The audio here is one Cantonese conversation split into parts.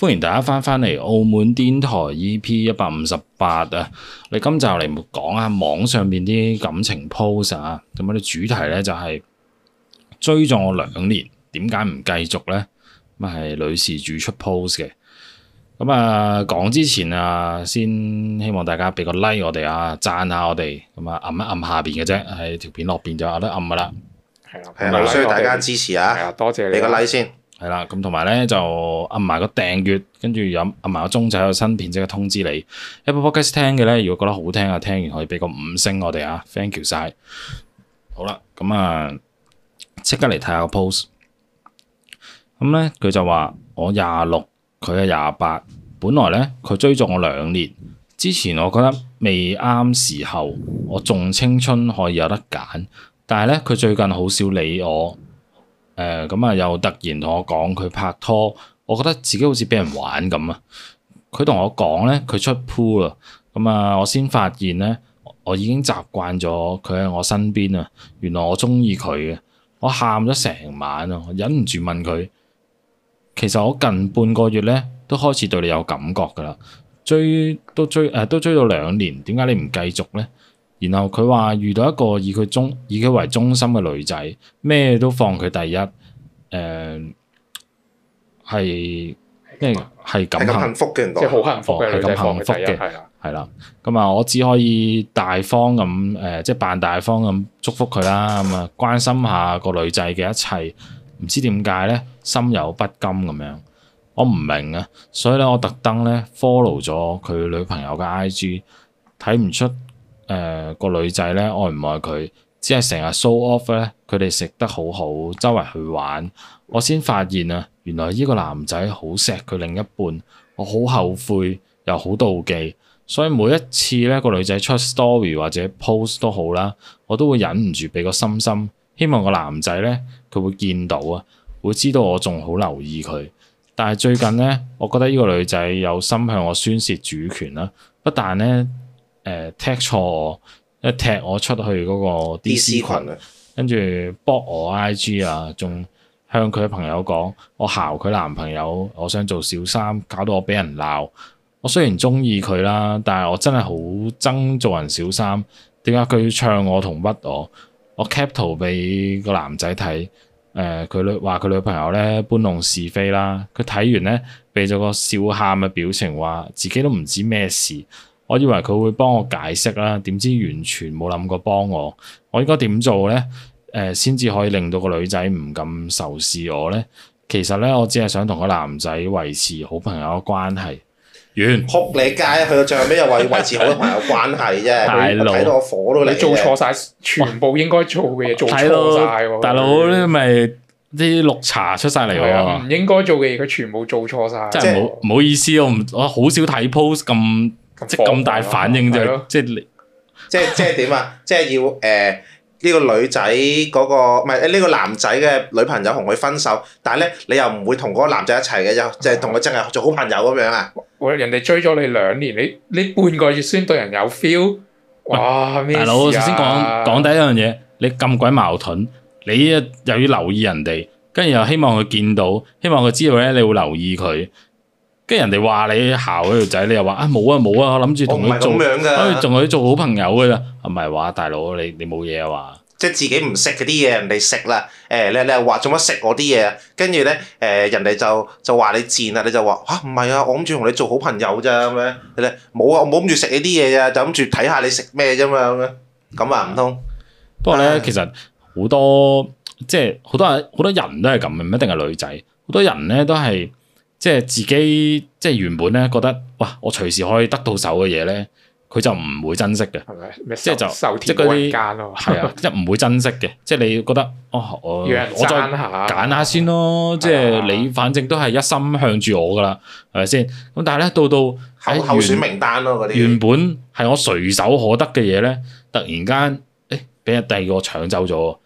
歡迎大家翻返嚟《澳門電台 EP 一百五十八》啊！你今集嚟講下網上邊啲感情 post 啊，咁啊啲主題呢，就係追咗我兩年，點解唔繼續呢？咁啊係女事主出 post 嘅。咁啊講之前啊，先希望大家俾個 like 我哋啊，讚下我哋。咁啊，撳一撳下邊嘅啫，喺條片落邊就有得撳噶啦。係啦，係啊，我需要大家支持啊！啊多謝你、啊、個 like 先。係啦，咁同埋咧就按埋個訂閱，跟住有按埋個鐘仔，有新片即刻通知你。Apple Podcast 聽嘅咧，如果覺得好聽啊，聽完可以畀個五星我哋啊，thank you 晒。好、嗯、啦，咁啊，即刻嚟睇下個 post。咁、嗯、咧，佢就話我廿六，佢係廿八。本來咧，佢追咗我兩年，之前我覺得未啱時候，我仲青春可以有得揀，但係咧，佢最近好少理我。誒咁啊！又突然同我講佢拍拖，我覺得自己好似俾人玩咁啊！佢同我講咧，佢出 Pool 啦，咁啊，我先發現咧，我已經習慣咗佢喺我身邊啊！原來我中意佢嘅，我喊咗成晚啊，我忍唔住問佢，其實我近半個月咧，都開始對你有感覺㗎啦，追都追誒，都追咗兩年，點解你唔繼續咧？然後佢話遇到一個以佢中以佢為中心嘅女仔，咩都放佢第一。誒，係咩，uh,？係咁幸福嘅？即係好幸福，係咁、嗯、幸福嘅，係啦、嗯，係啦。咁啊、嗯，了我只可以大方咁誒、呃，即係扮大方咁祝福佢啦。咁啊，關心下個女仔嘅一切。唔知點解咧，心有不甘咁樣，我唔明啊。所以咧，我特登咧 follow 咗佢女朋友嘅 IG，睇唔出誒、呃、個女仔咧愛唔愛佢。只係成日 show off 咧，佢哋食得好好，周圍去玩，我先發現啊，原來呢個男仔好錫佢另一半，我好後悔又好妒忌，所以每一次咧個女仔出 story 或者 post 都好啦，我都會忍唔住俾個心心，希望個男仔咧佢會見到啊，會知道我仲好留意佢。但係最近咧，我覺得呢個女仔有心向我宣洩主權啦，不但咧誒踢錯，一踢我出去嗰個 D.C 群啊，跟住卜我 I.G 啊，仲向佢嘅朋友講我姣佢男朋友，我想做小三，搞到我俾人鬧。我雖然中意佢啦，但係我真係好憎做人小三。點解佢要唱我同屈我？我 cap 圖俾個男仔睇，誒佢女話佢女朋友咧搬弄是非啦。佢睇完咧俾咗個笑喊嘅表情，話自己都唔知咩事。我以為佢會幫我解釋啦，點知完全冇諗過幫我。我應該點做咧？誒、呃，先至可以令到個女仔唔咁仇視我咧。其實咧，我只係想同個男仔維持好朋友嘅關係。完，撲你街！去到最後尾又話要維持好朋友關係啫。大佬 老，睇到我火都嚟。你做錯晒，全部應該做嘅嘢，做晒喎。大佬，咪啲綠茶出晒嚟喎。唔應該做嘅嘢，佢全部做錯曬。即係唔好意思，我唔我好少睇 post 咁。即咁大反應就係咯，即係即係點啊？即係要誒呢個女仔嗰個唔係誒呢個男仔嘅女朋友同佢分手，但係咧你又唔會同嗰個男仔一齊嘅，又就係同佢真係做好朋友咁樣啊？喂，人哋追咗你兩年，你你半個月先對人有 feel？哇！大佬，首先講講第一樣嘢，你咁鬼矛盾，你又又要留意人哋，跟住又希望佢見到，希望佢知道咧，你會留意佢。跟人哋話你校嗰條仔，你又話啊冇啊冇啊！我諗住同你做，仲可以做好朋友噶啦？唔係話大佬，你你冇嘢啊嘛？即係自己唔食嗰啲嘢，人哋食啦。誒，你你又話做乜食我啲嘢？跟住咧，誒人哋就就話你賤啊！你就話啊，唔係啊！我諗住同你做好朋友咋咁樣？冇 啊，啊！我冇諗住食呢啲嘢啊，就諗住睇下你食咩啫嘛咁樣。咁啊唔通？不過咧，但是 其實好多即係好多好多人都係咁嘅，唔一定係女仔。好多人咧都係。即係自己，即係原本咧覺得，哇！我隨時可以得到手嘅嘢咧，佢就唔會珍惜嘅。係咪？即係就即嗰啲奸咯。係啊，唔會珍惜嘅。即係你覺得，哦，我，我再揀下先咯。嗯嗯嗯嗯，即係你反正都係一心向住我噶啦，係咪先？咁但係咧，到到喺候選名單咯嗰啲，原本係我隨手可得嘅嘢咧，突然間，誒，俾人第二個搶走咗。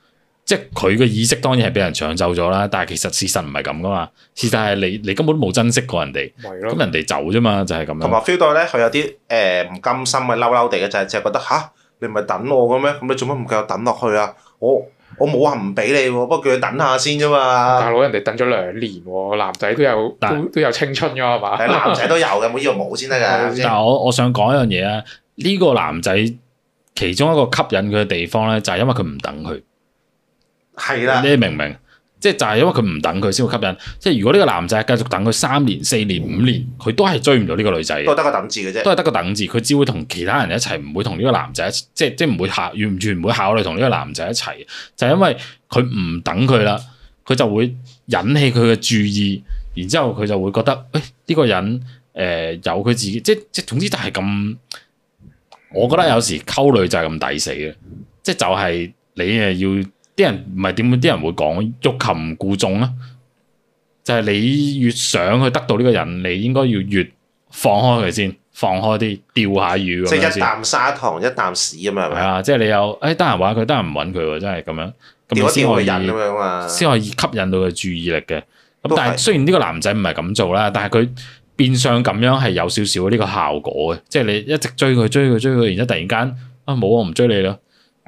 即係佢嘅意識，當然係俾人搶走咗啦。但係其實事實唔係咁噶嘛，事實係你你根本冇珍惜過人哋。咁是人哋走啫嘛，就係、是、咁樣。同埋 feel 到咧，佢有啲誒唔甘心嘅嬲嬲地嘅，就係就係覺得吓，你唔係等我嘅咩？咁你做乜唔夠我等落去啊？我我冇話唔俾你喎，不過叫佢等下先啫嘛。大佬，人哋等咗兩年喎，男仔都有都是都有青春噶係嘛？係是吧男仔都有嘅，冇呢個冇先得噶。但係我我想講一樣嘢啊，呢、呢個男仔其中一個吸引佢嘅地方咧，就係因為佢唔等佢。係啦，你明唔明？即係就係因為佢唔等佢，先會吸引。即係如果呢個男仔繼續等佢三年、四年、五年，佢都係追唔到呢個女仔。都係得個等字嘅啫，都係得個等字。佢只會同其他人一齊，唔會同呢個男仔，即係即係唔會考，完全唔會考慮同呢個男仔一齊。就係因為佢唔等佢啦，佢就會引起佢嘅注意，然之後佢就會覺得，誒呢個人誒有佢自己，即係即總之就係咁。我覺得有時溝女就係咁抵死嘅，即係就係你誒要。啲人唔係點樣？啲人會講欲擒故縱啊！就係、是、你越想去得到呢個人，你應該要越放開佢先，嗯、放開啲釣下魚。即係一啖砂糖，一啖屎啊嘛！係啊，即、就、係、是、你有誒得閒玩佢，得閒唔揾佢，真係咁樣。掉一掉個人咁樣嘛，先可以吸引到佢注意力嘅。咁但係雖然呢個男仔唔係咁做啦，但係佢變相咁樣係有少少呢個效果嘅。即係你一直追佢，追佢，追佢，然之後突然間啊冇我唔追你啦！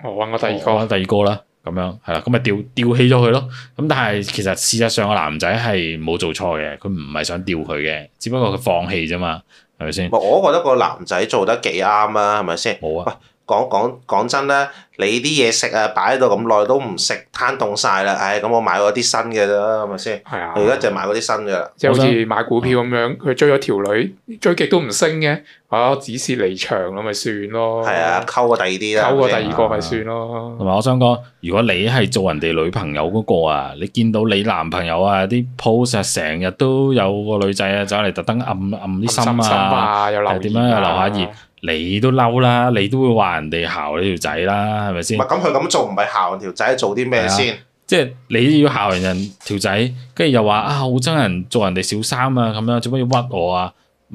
我揾個第二個，揾第二個啦。咁樣係啦，咁咪掉掉棄咗佢咯。咁但係其實事實上個男仔係冇做錯嘅，佢唔係想掉佢嘅，只不過佢放棄啫嘛，係咪先？我覺得個男仔做得幾啱啊，係咪先？冇啊。喂？講講講真啦，你啲嘢食啊擺喺度咁耐都唔食，攤凍晒啦！唉，咁我買嗰啲新嘅啦，係咪先？係啊！而家就買嗰啲新嘅，即係好似買股票咁樣，佢追咗條女，追極都唔升嘅，啊，只是離場咁咪算咯。係啊，溝過第二啲啦，溝過第二個咪算咯。同埋我想講，如果你係做人哋女朋友嗰個啊，你見到你男朋友啊啲 post 成日都有個女仔啊走嚟特登按按啲心啊，係點樣又留下熱？你都嬲啦，你都會話人哋姣你條仔啦，係咪先？咁佢咁做唔係姣條仔做啲咩先？即係你要姣人條仔，跟住 又話啊好憎人做人哋小三啊咁樣，做乜要屈我啊？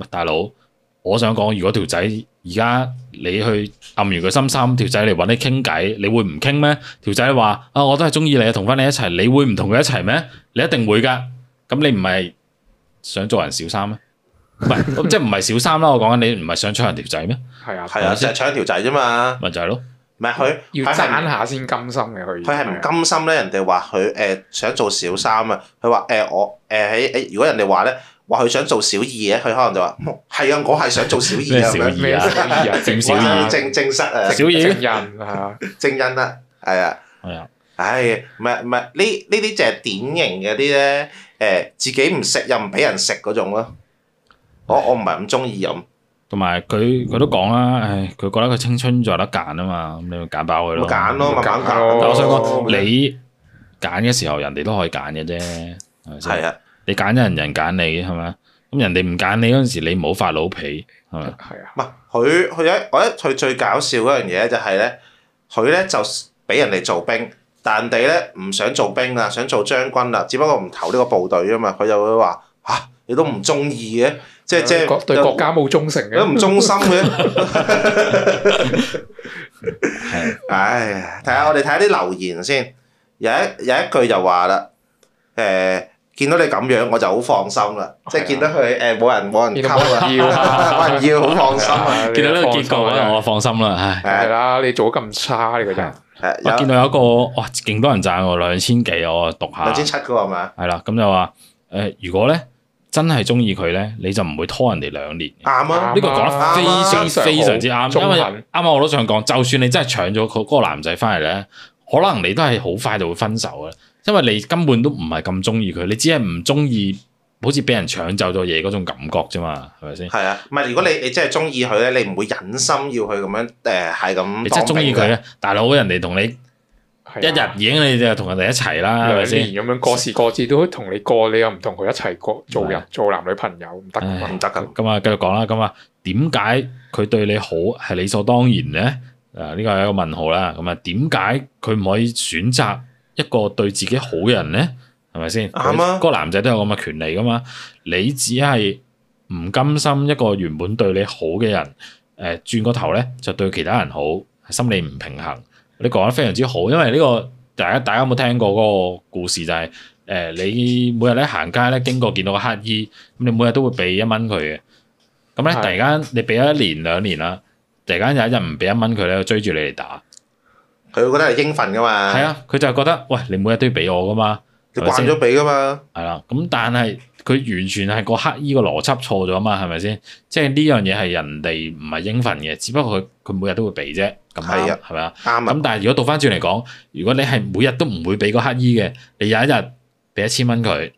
大佬，我想講，如果條仔而家你去暗住佢心心，條仔嚟揾你傾偈，你會唔傾咩？條仔話啊我都係中意你，同翻你一齊，你會唔同佢一齊咩？你一定會噶，咁你唔係想做人小三咩？唔係咁，即係唔係小三啦。我講緊你唔係想搶人條仔咩？係啊，係啊，就搶條仔啫嘛。咪就係咯，唔係佢要爭下先，甘心嘅佢。佢係唔甘心咧。人哋話佢誒想做小三啊。佢話誒我誒喺，誒，如果人哋話咧話佢想做小二咧，佢可能就話係啊，我係想做小二啊。小二啊，正小二啊，正正室啊，正印啊，正印啊，係啊係啊，唉，唔係唔係呢呢啲就係典型嘅啲咧誒，自己唔食又唔俾人食嗰種咯。我唔係咁中意飲，同埋佢佢都講啦，誒，佢覺得佢青春仲有得揀啊嘛，咁你咪揀爆佢咯。揀咯，揀揀。慢慢，但我想講，麼你揀嘅時候，人哋都可以揀嘅啫，係啊。你揀人，人揀你，係咪，人揀你，係咪？咁人哋唔揀你嗰陣時，你冇發老脾，係咪？係啊。唔係、啊，佢佢一我覺得佢最搞笑嗰樣嘢就係咧，佢咧就俾人哋做兵，但人哋咧唔想做兵啦，想做將軍啦，只不過唔投呢個部隊啊嘛，佢又會話：嚇，你都唔中意嘅。即係即係對國家冇忠誠嘅，都唔忠心嘅。係，唉，睇下我哋睇啲留言先。有一有一句就話啦，誒，見到你咁樣，我就好放心啦。即係見到佢，誒，冇人冇人要啊，冇人要，好放心啊。見到呢個結果，我就放心啦。係啦，你做咁差呢個人。我見到有一個，哇，勁多人讚我，兩千幾，我讀下。兩千七嗰個係咪？係啦，咁就話，誒，如果咧？真係中意佢咧，你就唔會拖人哋兩年。啱啊，呢個講得非常、啊、非常之啱，文因為啱啱我都想講，就算你真係搶咗佢個男仔翻嚟咧，可能你都係好快就會分手嘅，因為你根本都唔係咁中意佢，你只係唔中意，好似俾人搶走咗嘢嗰種感覺啫嘛，係咪先？係啊，唔係如果你你真係中意佢咧，你唔會忍心要佢咁樣誒，係、呃、咁。你真係中意佢咧，大佬人哋同你。一日影你就同人哋一齊啦，啊、吧兩年咁樣過時過節都同你過，你又唔同佢一齊過做人是做男女朋友唔得唔得噶嘛？咁繼續講啦，咁啊點解佢對你好係理所當然咧？誒呢個係一個問號啦。咁啊點解佢唔可以選擇一個對自己好嘅人咧？係咪先？啱嗎、嗰個男仔都有咁嘅權利噶嘛。你只係唔甘心一個原本對你好嘅人誒、呃、轉個頭咧就對其他人好，心理唔平衡。你講得非常之好，因為呢、這個大家大家有冇聽過嗰個故事就係、是、誒、呃，你每日咧行街咧經過見到個乞衣，咁你每日都會俾一蚊佢嘅。咁咧，的突然間你俾咗一年兩年啦，突然間有一日唔俾一蚊佢咧，追住你嚟打，佢會覺得係應份噶嘛。係啊，佢就覺得喂，你每日都要俾我噶嘛，你慣咗俾噶嘛。係啦，咁但係佢完全係個乞衣個邏輯錯咗啊嘛，係咪先？即係呢樣嘢係人哋唔係應份嘅，只不過佢佢每日都會俾啫。咁係啊，係咪啊？啱，咁但係如果倒翻轉嚟講，如果你係每日都唔會俾個乞衣嘅，你有一日俾一千蚊佢，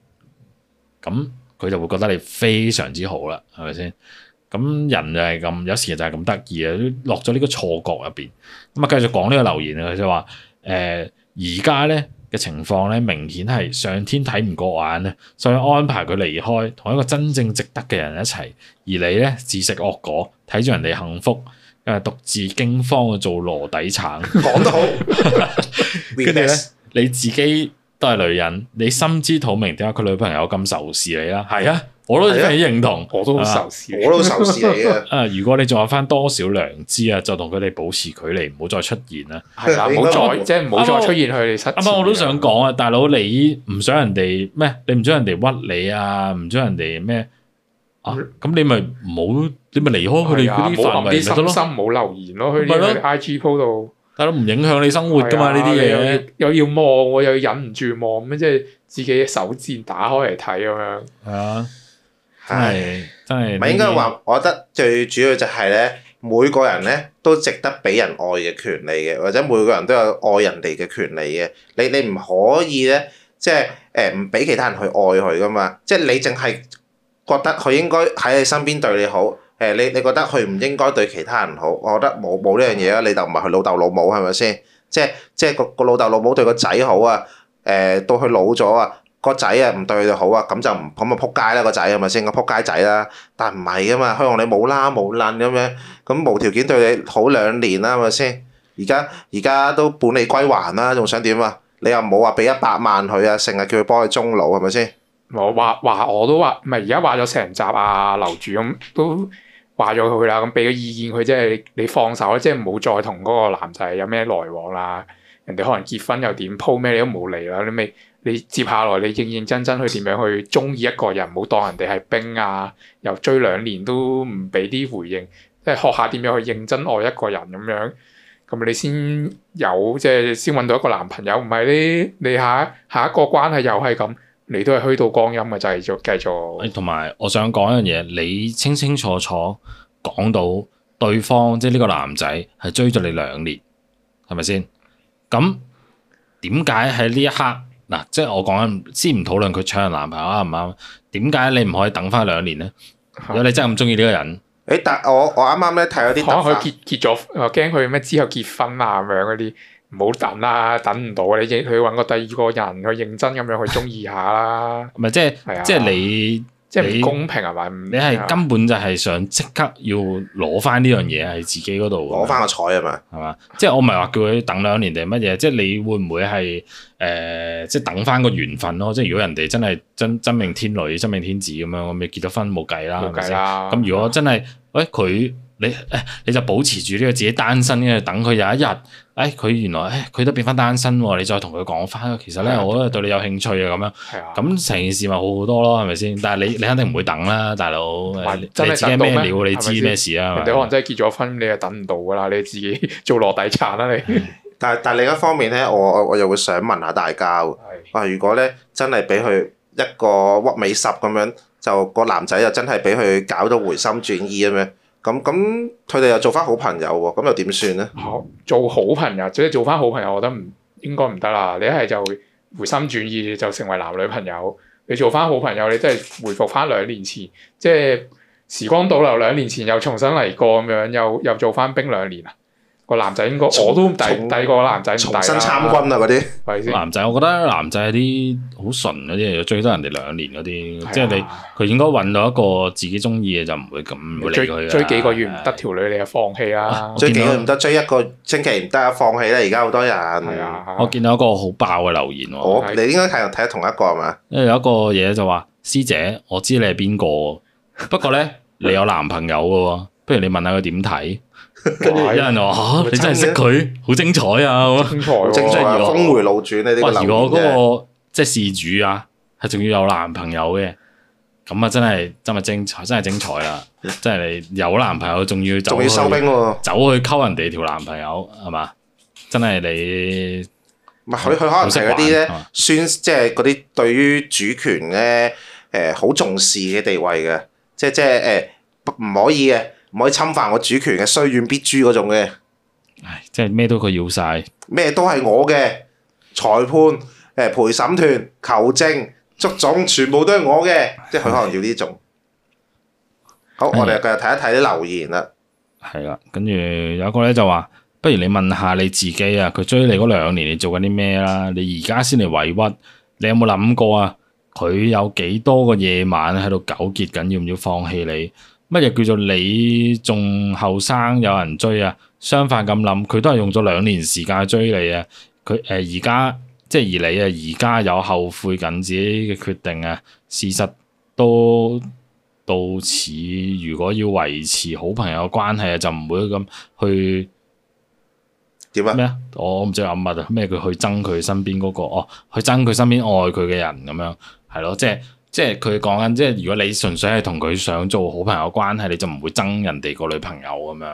咁佢就會覺得你非常之好啦，係咪先？咁人就係咁，有時就係咁得意啊！都落咗呢個錯覺入邊，咁啊繼續講呢個留言啊，佢就話誒，而家咧嘅情況咧，明顯係上天睇唔過眼咧，所以安排佢離開同一個真正值得嘅人一齊，而你咧自食惡果，睇住人哋幸福。因獨自驚慌啊，做羅底橙講得好，跟住咧你自己都係女人，你心知肚明，點解佢女朋友咁仇視你啦？係啊，我都係認同，啊、我都仇視，我都仇視你啊！如果你仲有翻多少良知啊，就同佢哋保持距離，唔好再出現啦，唔好再即係唔好再出現佢哋失。啱啱我都想講啊，大佬你唔想人哋咩？你唔想人哋屈你啊？唔想人哋咩？咁、啊、你咪唔好，你咪離開佢哋嗰啲心，圍唔好留言咯，佢哋 I G 鋪度。係咯，唔影響你生活噶嘛？呢啲嘢又要望，我又，要又要忍唔住望，咁即係自己嘅手賤打開嚟睇咁樣。係啊、哎，係真係。唔係唉應該話，我覺得最主要就係咧，每個人咧都值得俾人愛嘅權利嘅，或者每個人都有愛人哋嘅權利嘅。你你唔可以咧，即係誒唔俾其他人去愛佢噶嘛？即、就、係、是、你淨係。覺得佢應該喺你身邊對你好，誒、呃、你你覺得佢唔應該對其他人好，我覺得冇冇呢樣嘢啊！你就唔係佢老豆老母係咪先？即即個個老豆老母對個仔好啊，誒、呃、到佢老咗啊，個仔啊唔對佢好啊，咁就唔咁啊撲街啦個仔係咪先個撲街仔啦？但唔係噶嘛，希望你冇啦冇撚咁樣，咁無條件對你好兩年啦係咪先？而家而家都本利歸還啦，仲想點啊？你又冇話俾一百萬佢啊，成日叫佢幫佢終老係咪先？我話話我都話，唔係而家話咗成集啊，樓主咁都話咗佢啦。咁俾個意見佢，即係你放手，即係唔好再同嗰個男仔有咩來往啦。人哋可能結婚又點鋪咩，你都冇理啦。你咪你接下來，你認認真真去點樣去中意一個人，唔好當人哋係兵啊。又追兩年都唔俾啲回應，即係學下點樣去認真愛一個人咁樣。咁你先有，即係先揾到一個男朋友，唔係咧，你下下一個關係又係咁。你都係虛度光陰啊！繼續繼續。同埋我想講一樣嘢，你清清楚楚講到對方，即係呢個男仔係追咗你兩年，係咪先？咁點解喺呢一刻嗱、啊？即係我講緊先唔討論佢搶人男朋友啱唔啱。點解你唔可以等翻兩年咧？如果你真係咁中意呢個人。誒、 哎，但我我啱啱咧睇咗啲，可能結結咗，又驚佢咩之後結婚啊咁樣嗰啲。唔好等啦，等唔到嘅。你佢要揾個第二個人去認真咁樣去中意下啦。唔係即係，即係、哎、呦你即係唔公平係咪？你係根本就係想即刻要攞翻呢樣嘢喺自己嗰度攞翻個彩係咪？係嘛？ 即、就、係、是、我唔係話叫佢等兩年定乜嘢？即、就、係、是、你會唔會係誒？即、呃、係、就是、等翻個緣分咯。即、就、係、是、如果人哋真係真真命天女、真命天子咁樣子，咪結咗婚冇計啦。冇計啦。咁、啊、如果真係，喂、哎、佢。哎你誒你就保持住呢個自己單身嘅，等佢有一日，誒、哎、佢原來誒佢、哎、都變翻單身喎，你再同佢講翻，其實咧我都對你有興趣啊咁樣，咁成的件事咪好好多咯，係咪先？但係你你肯定唔會等啦，大佬，真你自己咩料你知咩事啊？你可能真係結咗婚，你又等唔到噶啦，你自己做落底層啦你的 但。但係但係另一方面咧，我我又會想問下大家，啊的如果咧真係俾佢一個屈尾十咁樣，就個男仔又真係俾佢搞到回心轉意咁樣。咁咁，佢哋又做翻好朋友喎，咁又點算咧？好做好朋友，即係做翻好朋友，我覺得唔應該唔得啦。你一係就回心轉意，就成為男女朋友；你做翻好朋友，你真係回復翻兩年前，即係時光倒流兩年前，又重新嚟過咁樣，又又做翻兵兩年啊！男仔應該，我都第第個男仔，重新參軍啊！嗰啲，係男仔，我覺得男仔啲好純嗰啲，追得人哋兩年嗰啲，即係你佢應該揾到一個自己中意嘅就唔會咁追佢啦。追幾個月唔得，條女你又放棄啊。追幾個唔得，追一個星期唔得又放棄啦。而家好多人，我見到一個好爆嘅留言喎。我你應該係睇同一個係嘛？因為有一個嘢就話師姐，我知你係邊個，不過咧你有男朋友嘅喎，不如你問下佢點睇。有人話、啊：你真係識佢，好精彩啊！精彩、啊，或者峰回路轉呢啲如果嗰、啊嗰個 即係事主啊，係仲要有男朋友嘅，咁啊真係真係精彩，真係精彩啦！ 真係你有男朋友，仲要仲要收兵、啊，走去溝人哋條男朋友係嘛？真係你，唔係佢佢可能成嗰啲咧，宣即係嗰啲對於主權咧，誒、呃、好重視嘅地位嘅，即即係誒唔可以嘅。唔可以侵犯我主權嘅，雖遠必誅嗰種嘅。唉，即係咩都佢要晒，咩都係我嘅裁判，誒陪審團、求證、足總，全部都係我嘅，的即係佢可能要呢種。的好，我哋繼續睇一睇啲留言啦。係啦，跟住有一個咧就話：不如你問下你自己啊，佢追你嗰兩年你做緊啲咩啦？你而家先嚟委屈，你有冇諗過啊？佢有幾多個夜晚喺度糾結緊，要唔要放棄你？乜嘢叫做你仲後生有人追啊？相反咁諗，佢都係用咗兩年時間去追你啊！佢誒而家即係而你啊，而家有後悔緊自己嘅決定啊！事實都到此，如果要維持好朋友關係啊，就唔會咁去點啊？咩啊？樣我唔知暗乜啊！咩佢去憎佢身邊嗰個哦？去憎佢身邊愛佢嘅人咁樣係咯，即係。即係佢講緊，即係如果你純粹係同佢想做好朋友關係，你就唔會憎人哋個女朋友咁樣。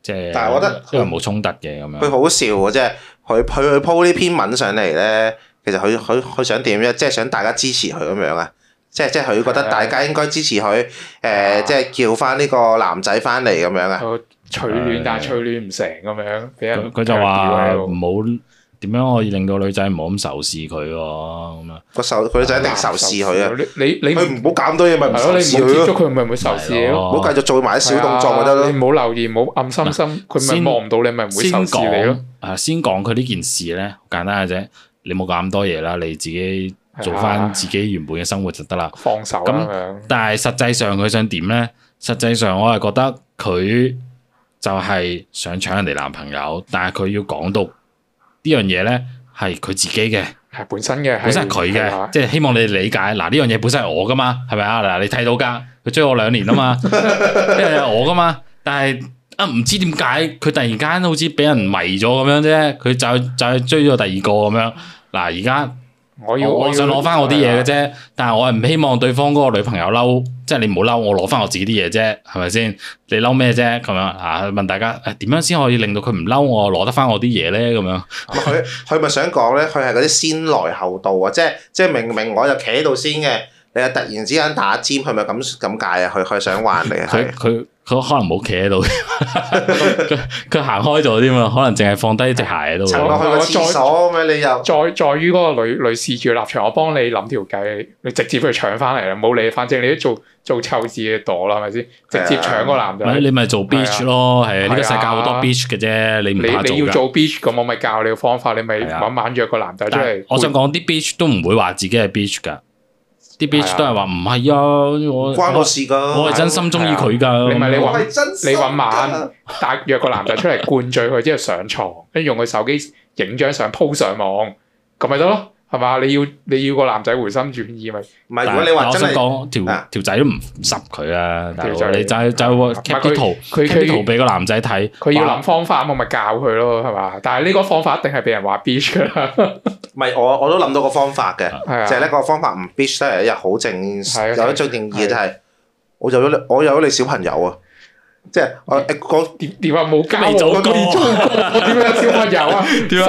即係，但係我覺得因為冇衝突嘅咁樣。佢好笑啊！即係佢佢佢 po 呢篇文上嚟咧，其實佢佢佢想點啫？即係想大家支持佢咁樣啊！即係即係佢覺得大家應該支持佢誒，即係的、呃、叫翻呢個男仔翻嚟咁樣啊！取暖，但係取暖唔成咁樣，佢就話唔好。點樣可以令到女仔唔好咁仇視佢？咁啊，個仇佢就一定仇視佢啊！你你佢唔好搞咁多嘢，咪唔仇視咯。佢咪唔會仇視咯。唔好繼續做埋啲小動作咪得咯。冇留意，冇暗心心，佢咪望唔到你，咪唔會仇視你咯。啊，先講佢呢件事咧，簡單嘅啫。你冇搞咁多嘢啦，你自己做翻自己原本嘅生活就得啦。放手咁樣。但係實際上佢想點咧？實際上我係覺得佢就係想搶人哋男朋友，但係佢要講到。呢樣嘢咧係佢自己嘅，係本身嘅，本身係佢嘅，即係吧希望你理解。嗱、啊，呢樣嘢本身係我噶嘛，係咪啊？嗱，你睇到噶，佢追我兩年啊嘛，呢樣嘢係我噶嘛。但係啊，唔知點解佢突然間好似俾人迷咗咁樣啫，佢就就，就追咗第二個咁樣。嗱、啊，而家。我要，我想攞翻我啲嘢嘅啫，但係我係唔希望對方嗰個女朋友嬲，即係你唔好嬲，我攞翻我自己啲嘢啫，係咪先？你嬲咩啫？咁樣啊？問大家點樣先可以令到佢唔嬲？我攞得翻我啲嘢咧？咁樣佢佢咪想講咧？佢係嗰啲先來後到啊！即係即係明明我就企喺度先嘅。你又突然之間打尖，係咪咁咁解啊？佢佢想玩你啊！佢佢佢可能冇企喺度，佢行開咗添嘛，可能淨係放低隻鞋喺度。陳樂去再廁所咩？你又在在於嗰個女女事主立場，我幫你諗條計，你直接去搶翻嚟啦，冇理，反正你都做做臭事嘅朵啦，係咪先？直接搶個男仔。你咪做 bitch 咯，係呢個世界好多 bitch 嘅啫，你你要做 bitch 咁，我咪教你個方法，你咪晚晚約個男仔出嚟。我想講啲 bitch 都唔會話自己係 bitch 噶。啲 bitch 都係話唔係啊，嗯、我關我事噶，我係真心中意佢噶。啊、你咪你搵，你搵晚，帶約個男仔出嚟灌醉佢， 之後上床，跟住用佢手機影張相 po 上網，咁咪得咯。嗯係嘛？你要你要個男仔回心轉意咪？唔係，如果你話真係，條的條仔都唔濕佢啊！大佬，你就就喎，cap 啲圖，cap 啲圖俾個男仔睇，佢要諗方法，我咪教佢咯，係嘛？但係呢個方法一定係俾人話 bitch 噶啦。唔係，我我都諗到個方法嘅，的就係呢個方法唔 bitch 得嚟，一日好正靜，的有一張定義就係、是、我有咗你，我有咗你小朋友啊！即係我講點點啊，冇交咗個點咗個，我點樣燒乜油啊？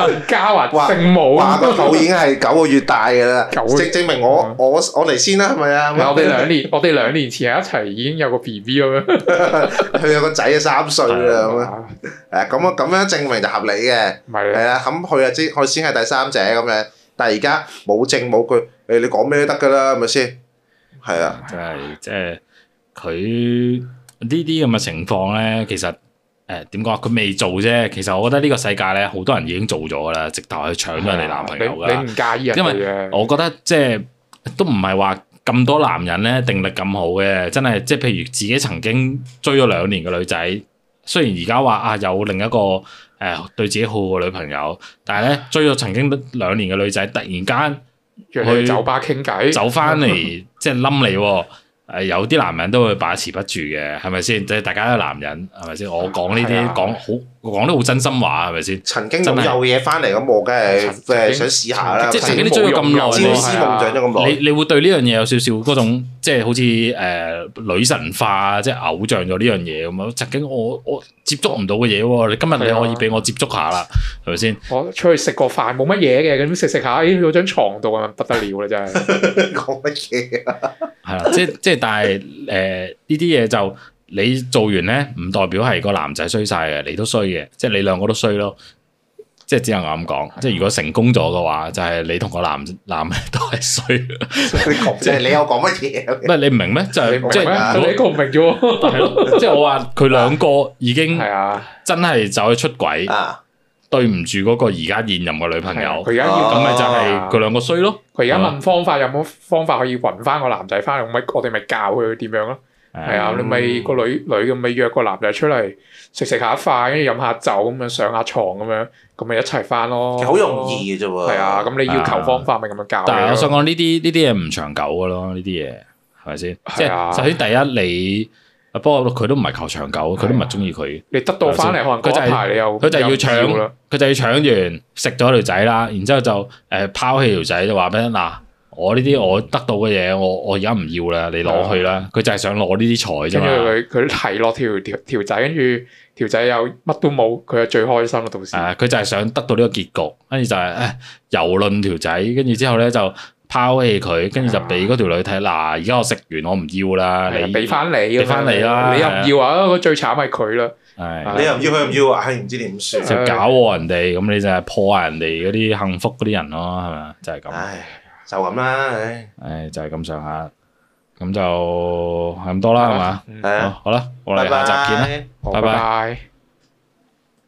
神交啊，話成冇啊，個肚已經係九個月大噶啦，證證明我我我嚟先啦，係咪啊？我哋兩年，我哋兩年前一齊已經有個 B B 咁樣，佢有個仔啊三歲啦咁樣。誒，咁啊咁樣證明就合理嘅，係啊。咁佢啊，知佢先係第三者咁樣。但係而家冇證冇據，你你講咩都得噶啦，係咪先？係啊，即係即係佢。呢啲咁嘅情況咧，其實誒點講？佢未做啫。其實我覺得呢個世界咧，好多人已經做咗噶啦，直頭去搶咗人哋男朋友噶，你唔介意啊？因為我覺得即係都唔係話咁多男人咧定力咁好嘅，真係即係譬如自己曾經追咗兩年嘅女仔，雖然而家話啊有另一個誒、呃、對自己好嘅女朋友，但係咧追咗曾經兩年嘅女仔，突然間你去，去酒吧傾偈，走翻嚟即係冧你喎、啊。誒，有啲男人都會把持不住嘅，係咪先？即係大家都係男人，係咪先？我講呢啲講好，講得好真心話，係咪先？曾經好有嘢翻嚟咁，我梗係即係想試下啦。即係曾經都追咁咗咁耐。你你會對呢樣嘢有少少嗰種，即係好似誒女神化即係偶像咗呢樣嘢咁啊？曾經我我接觸唔到嘅嘢，你今日你可以俾我接觸下啦，係咪先？我出去食個飯冇乜嘢嘅，咁食食下，咦？坐張床度啊，不得了啦，真係講乜嘢啊？係啦，即係即係。但係誒，呢啲嘢就你做完咧，唔代表係個男仔衰晒嘅，你都衰嘅，即係你兩個都衰咯。即係只能咁講， 即係如果成功咗嘅話，就係、是、你同個男男都係衰。即係你有講乜嘢？唔 你唔明咩？就係即係我唔明啫。即係我話佢兩個已經係 啊，真係走去出軌對唔住嗰個而家現任嘅女朋友，佢而家要咁咪就係佢兩個衰咯。佢而家問方法有冇方法可以揾翻個男仔翻嚟，我咪我哋咪教佢點樣咯。係啊，你咪個、就是、女女咁咪約個男仔出嚟食食下飯，跟住飲下酒咁樣上下床，咁樣，咁咪一齊翻咯。其實好容易嘅啫喎。係啊，咁你要求方法咪咁樣教。但係我想講呢啲呢啲嘢唔長久㗎咯，呢啲嘢係咪先？即係首先第一你。不過佢都唔係求長久，佢的都唔係中意佢。你得到翻嚟可能嗰一排你又佢就係要搶，佢就要搶完食咗條仔啦，然之後就誒拋棄條仔，話俾人嗱，我呢啲我得到嘅嘢，我我而家唔要啦，你攞去啦。佢的就係想攞呢啲財啫。跟住佢佢提落條條仔，跟住條仔又乜都冇，佢就最開心嘅同時、呃。佢就係想得到呢個結局，跟住就係誒遊論條仔，跟住之後咧就。拋棄佢，跟住就俾嗰條女睇。嗱，而家我食完，我唔要啦，你俾翻你，俾翻你啦。你又唔要啊？佢最慘係佢啦。你又唔要，佢又唔要，係唔知點算。就搞禍人哋，咁你就係破壞人哋嗰啲幸福嗰啲人咯，係咪？就係咁。唉，就咁啦，唉，唉就係咁上下，咁就係咁多啦，係嘛？好啦，我哋下集見啦，拜拜。